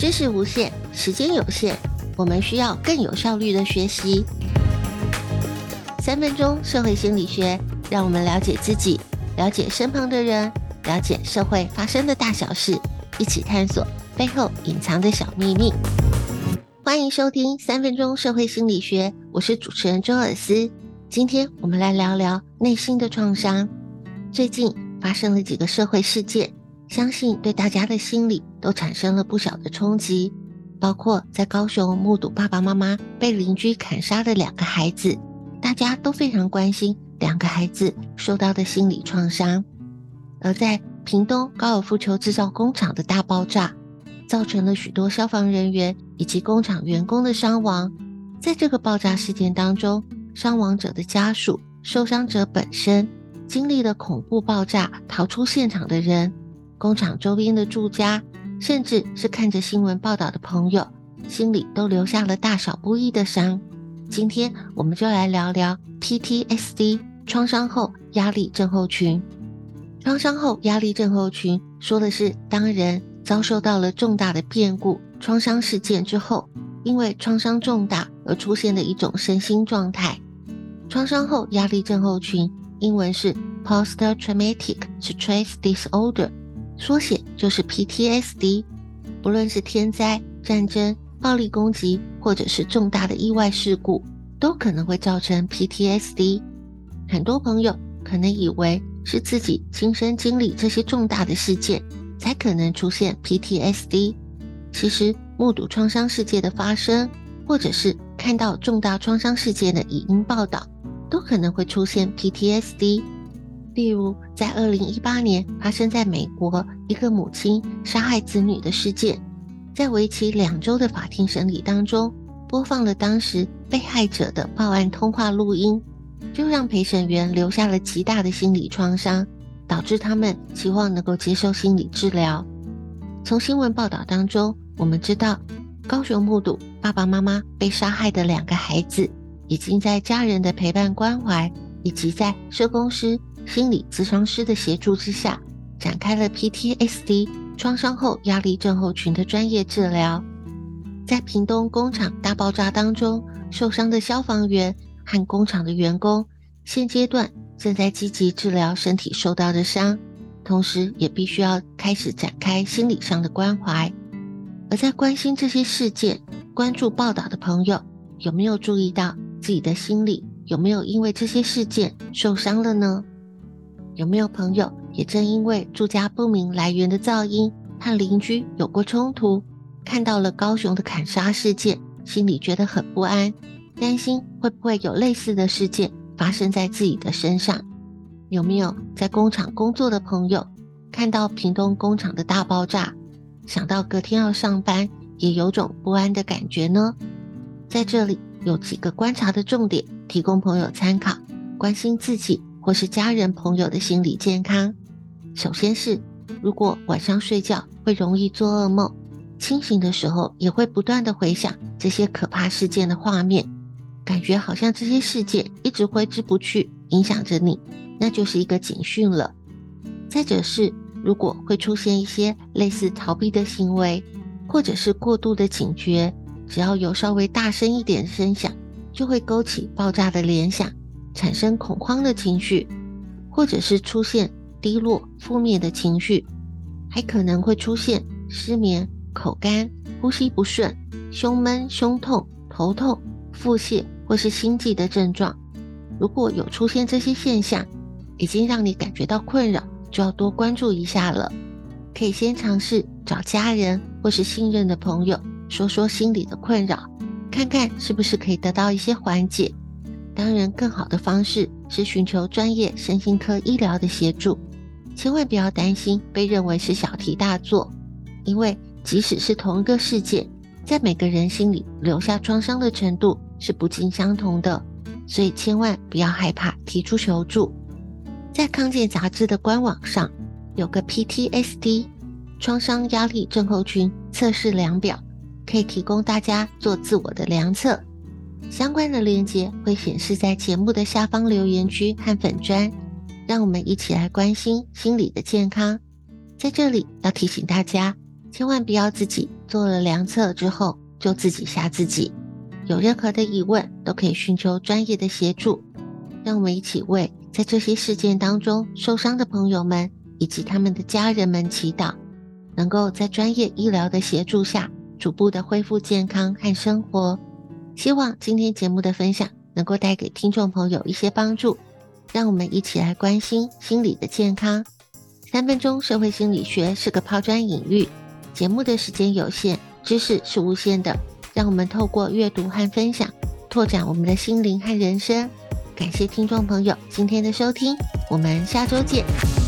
知識無限，時間有限，我們需要更有效率的學習。三分鐘社會心理學，讓我們了解自己，了解身旁的人，了解社會發生的大小事，一起探索背後隱藏的小秘密。歡迎收聽三分鐘社會心理學，我是主持人周爾思。今天我們來聊聊內心的創傷。最近發生了幾個社會事件。相信對大家的心理都產生了不小的衝擊，包括在高雄目睹爸爸媽媽被鄰居砍殺的兩個孩子，大家都非常關心兩個孩子受到的心理創傷。而在屏東高爾夫球製造工廠的大爆炸，造成了許多消防人員以及工廠員工的傷亡。在這個爆炸事件當中，傷亡者的家屬、受傷者本身、經歷了恐怖爆炸逃出現場的人。工廠周邊的住家，甚至是看着新聞報道的朋友，心裡都留下了大小不一的傷。今天我們就來聊聊 PTSD 創傷後壓力症候群。創傷後壓力症候群說的是，當人遭受到了重大的變故、創傷事件之後，因為創傷重大而出現的一種身心狀態。創傷後壓力症候群英文是 Post Traumatic Stress Disorder。縮寫就是 PTSD。不論是天災、戰爭、暴力攻擊，或者是重大的意外事故，都可能會造成 PTSD。很多朋友可能以為是自己親身經歷這些重大的事件，才可能出現 PTSD。其實，目睹創傷事件的發生，或者是看到重大創傷事件的影音報道，都可能會出現 PTSD。例如，在二零一八年發生在美國一個母親殺害子女的事件，在為期兩周的法庭審理當中，播放了當時被害者的報案通話錄音，就讓陪審員留下了極大的心理創傷，導致他們希望能夠接受心理治療。從新聞報道當中，我們知道，高雄目睹爸爸媽媽被殺害的兩個孩子，已經在家人的陪伴關懷以及在社工師、心理諮商師的協助之下，展開了 PTSD 創傷後壓力症候群的專業治療。在屏東工廠大爆炸當中受傷的消防員和工廠的員工，現階段正在積極治療身體受到的傷，同時也必須要開始展開心理上的關懷。而在關心這些事件、關注報道的朋友，有沒有注意到自己的心理有沒有因為這些事件受傷了呢？有沒有朋友也正因為住家不明來源的噪音和鄰居有過衝突，看到了高雄的砍殺事件，心裡覺得很不安，擔心會不會有類似的事件發生在自己的身上？有沒有在工廠工作的朋友，看到屏東工廠的大爆炸，想到隔天要上班，也有種不安的感覺呢？在這裡有幾個觀察的重點，提供朋友參考，關心自己。或是家人朋友的心理健康，首先是如果晚上睡覺會容易做噩夢，清醒的時候也會不斷地回想這些可怕事件的畫面，感覺好像這些事件一直揮之不去，影響着你，那就是一個警訊了。再者是如果會出現一些類似逃避的行為，或者是過度的警覺，只要有稍微大聲一點聲響，就會勾起爆炸的聯想。產生恐慌的情緒，或者是出現低落、負面的情緒，還可能會出現失眠、口乾、呼吸不順、胸悶、胸痛、頭痛、腹瀉或是心悸的症狀。如果有出現這些現象，已經讓你感覺到困擾，就要多關注一下了。可以先嘗試找家人或是信任的朋友，說說心裡的困擾，看看是不是可以得到一些緩解。當然，更好的方式是尋求專業身心科醫療的協助，千萬不要擔心被認為是小題大做，因為即使是同一個事件，在每個人心裡留下創傷的程度是不盡相同的，所以千萬不要害怕提出求助。在康健雜誌的官網上有個 PTSD 創傷壓力症候群測試量表，可以提供大家做自我的量測。相關的鏈接會顯示在節目的下方留言區和粉專，讓我們一起來關心心理的健康。在這裡要提醒大家，千萬不要自己做了量測之後就自己嚇自己。有任何的疑問都可以尋求專業的協助。讓我們一起為在這些事件當中受傷的朋友們以及他們的家人們祈禱，能夠在專業醫療的協助下逐步的恢復健康和生活。希望今天節目的分享能夠帶給聽眾朋友一些幫助，讓我們一起來關心心理的健康。三分鐘社會心理學是個拋磚引玉，節目的時間有限，知識是無限的，讓我們透過閱讀和分享，拓展我們的心靈和人生。感謝聽眾朋友今天的收聽，我們下週見。